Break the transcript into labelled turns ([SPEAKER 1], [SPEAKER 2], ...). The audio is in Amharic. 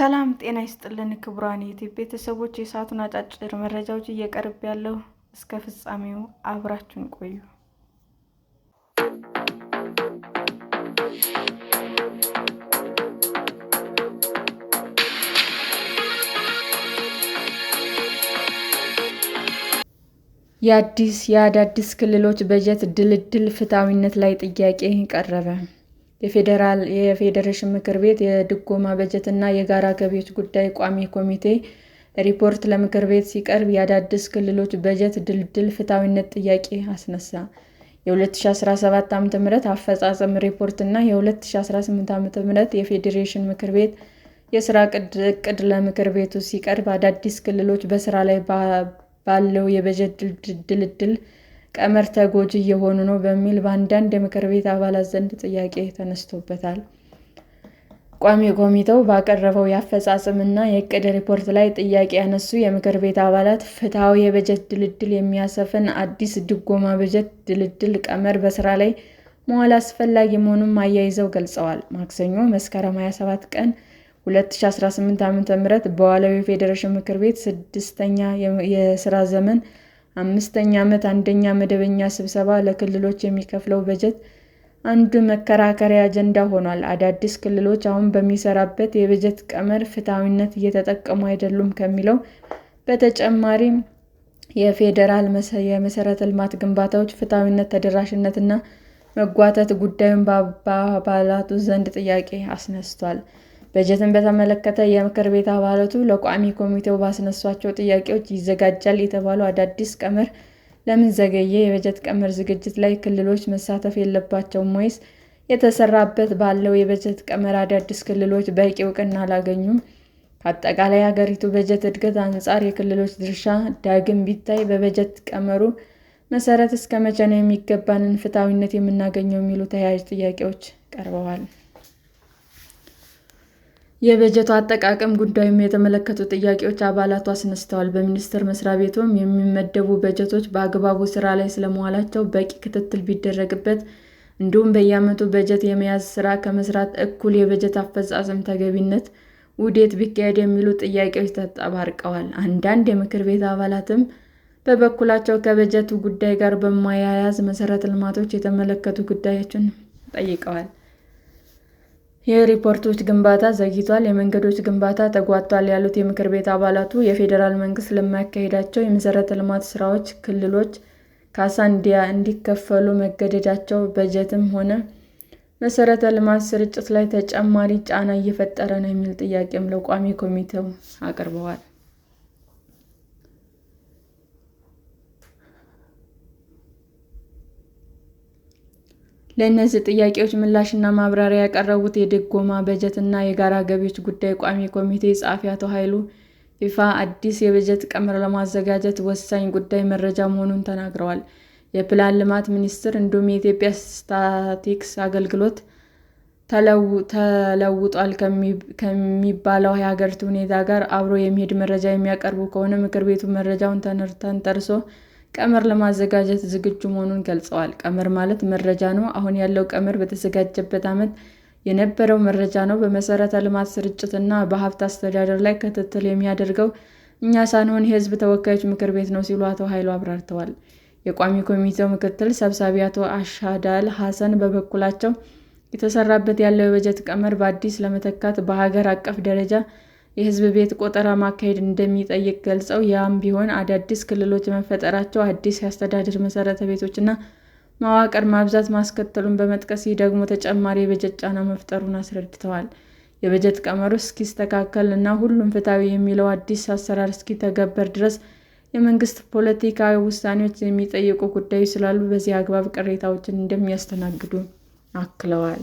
[SPEAKER 1] ሰላም ጤና ይስጥልን ክቡራን ዩቲዩብ ቤተሰቦች፣ የሰዓቱን አጫጭር መረጃዎች እየቀርብ ያለው እስከ ፍጻሜው አብራችሁን ቆዩ። የአዲስ የአዳዲስ ክልሎች በጀት ድልድል ፍትሐዊነት ላይ ጥያቄ ቀረበ። የፌዴራል የፌዴሬሽን ምክር ቤት የድጎማ በጀትና የጋራ ገቢዎች ጉዳይ ቋሚ ኮሚቴ ሪፖርት ለምክር ቤት ሲቀርብ የአዳዲስ ክልሎች በጀት ድልድል ፍትሐዊነት ጥያቄ አስነሳ። የ2017 ዓ.ም አፈጻጸም ሪፖርትና የ2018 ዓ.ም የፌዴሬሽን ምክር ቤት የስራ እቅድ ለምክር ቤቱ ሲቀርብ አዳዲስ ክልሎች በስራ ላይ ባለው የበጀት ድልድል ቀመር ተጎጂ እየሆኑ ነው በሚል በአንዳንድ የምክር ቤት አባላት ዘንድ ጥያቄ ተነስቶበታል። ቋሚ ኮሚቴው ባቀረበው የአፈጻጸም የእቅድ ሪፖርት ላይ ጥያቄ ያነሱ የምክር ቤት አባላት ፍትሐዊ የበጀት ድልድል የሚያሰፍን አዲስ ድጎማ በጀት ድልድል ቀመር በስራ ላይ መዋል አስፈላጊ መሆኑን አያይዘው ገልጸዋል። ማክሰኞ መስከረም 27 ቀን 2018 ዓ.ም በዋለው የፌዴሬሽን ምክር ቤት ስድስተኛ የስራ ዘመን አምስተኛ ዓመት አንደኛ መደበኛ ስብሰባ ለክልሎች የሚከፍለው በጀት አንዱ መከራከሪያ አጀንዳ ሆኗል። አዳዲስ ክልሎች አሁን በሚሰራበት የበጀት ቀመር ፍትሐዊነት እየተጠቀሙ አይደሉም ከሚለው በተጨማሪ የፌዴራል የመሠረተ ልማት ግንባታዎች ፍትሐዊነት፣ ተደራሽነት እና መጓተት ጉዳዩን በአባላቱ ዘንድ ጥያቄ አስነስቷል። በጀትን በተመለከተ የምክር ቤት አባላቱ ለቋሚ ኮሚቴው ባስነሷቸው ጥያቄዎች ይዘጋጃል የተባለው አዳዲስ ቀመር ለምን ዘገየ? የበጀት ቀመር ዝግጅት ላይ ክልሎች መሳተፍ የለባቸውም ወይስ የተሰራበት ባለው የበጀት ቀመር አዳዲስ ክልሎች በቂ እውቅና አላገኙም? ከአጠቃላይ ሀገሪቱ በጀት እድገት አንጻር የክልሎች ድርሻ ዳግም ቢታይ በበጀት ቀመሩ መሰረት እስከ መቼ ነው የሚገባንን ፍትሐዊነት የምናገኘው? የሚሉ ተያያዥ ጥያቄዎች ቀርበዋል። የበጀቱ አጠቃቀም ጉዳዩም የተመለከቱ ጥያቄዎች አባላቱ አስነስተዋል። በሚኒስቴር መስሪያ ቤቱም የሚመደቡ በጀቶች በአግባቡ ስራ ላይ ስለመዋላቸው በቂ ክትትል ቢደረግበት፣ እንዲሁም በየዓመቱ በጀት የመያዝ ስራ ከመስራት እኩል የበጀት አፈጻጸም ተገቢነት ውዴት ቢካሄድ የሚሉ ጥያቄዎች ተጠባርቀዋል። አንዳንድ የምክር ቤት አባላትም በበኩላቸው ከበጀቱ ጉዳይ ጋር በማያያዝ መሰረተ ልማቶች የተመለከቱ ጉዳዮችን ጠይቀዋል። የሪፖርቶች ግንባታ ዘግይቷል፣ የመንገዶች ግንባታ ተጓቷል ያሉት የምክር ቤት አባላቱ፣ የፌዴራል መንግስት ለማያካሄዳቸው የመሰረተ ልማት ስራዎች ክልሎች ካሳ እንዲከፈሉ መገደዳቸው በጀትም ሆነ መሰረተ ልማት ስርጭት ላይ ተጨማሪ ጫና እየፈጠረ ነው የሚል ጥያቄም ለቋሚ ኮሚቴው አቅርበዋል። ለእነዚህ ጥያቄዎች ምላሽና ማብራሪያ ያቀረቡት የድጎማ፣ በጀትና የጋራ ገቢዎች ጉዳይ ቋሚ ኮሚቴ ጸሐፊ አቶ ኃይሉ ይፋ አዲስ የበጀት ቀመር ለማዘጋጀት ወሳኝ ጉዳይ መረጃ መሆኑን ተናግረዋል። የፕላን ልማት ሚኒስቴር እንዲሁም የኢትዮጵያ ስታቲስቲክስ አገልግሎት ተለውጧል ከሚባለው የሀገሪቱ ሁኔታ ጋር አብሮ የሚሄድ መረጃ የሚያቀርቡ ከሆነ ምክር ቤቱ መረጃውን ተንተርሶ ቀመር ለማዘጋጀት ዝግጁ መሆኑን ገልጸዋል። ቀመር ማለት መረጃ ነው። አሁን ያለው ቀመር በተዘጋጀበት ዓመት የነበረው መረጃ ነው። በመሠረተ ልማት ስርጭት እና በሀብት አስተዳደር ላይ ክትትል የሚያደርገው እኛ ሳንሆን የህዝብ ተወካዮች ምክር ቤት ነው ሲሉ አቶ ኃይሉ አብራርተዋል። የቋሚ ኮሚቴው ምክትል ሰብሳቢ አቶ አሻዳል ሐሰን በበኩላቸው የተሰራበት ያለው የበጀት ቀመር በአዲስ ለመተካት በሀገር አቀፍ ደረጃ የህዝብ ቤት ቆጠራ ማካሄድ እንደሚጠይቅ ገልጸው፣ ያም ቢሆን አዳዲስ ክልሎች መፈጠራቸው አዲስ የአስተዳደር መሠረተ ቤቶችና መዋቅር ማብዛት ማስከተሉን በመጥቀስ ይህ ደግሞ ተጨማሪ የበጀት ጫና መፍጠሩን አስረድተዋል። የበጀት ቀመሩ እስኪስተካከል እና ሁሉም ፍትሐዊ የሚለው አዲስ አሰራር እስኪተገበር ድረስ የመንግስት ፖለቲካዊ ውሳኔዎች የሚጠይቁ ጉዳዮች ስላሉ በዚህ አግባብ ቅሬታዎችን እንደሚያስተናግዱ አክለዋል።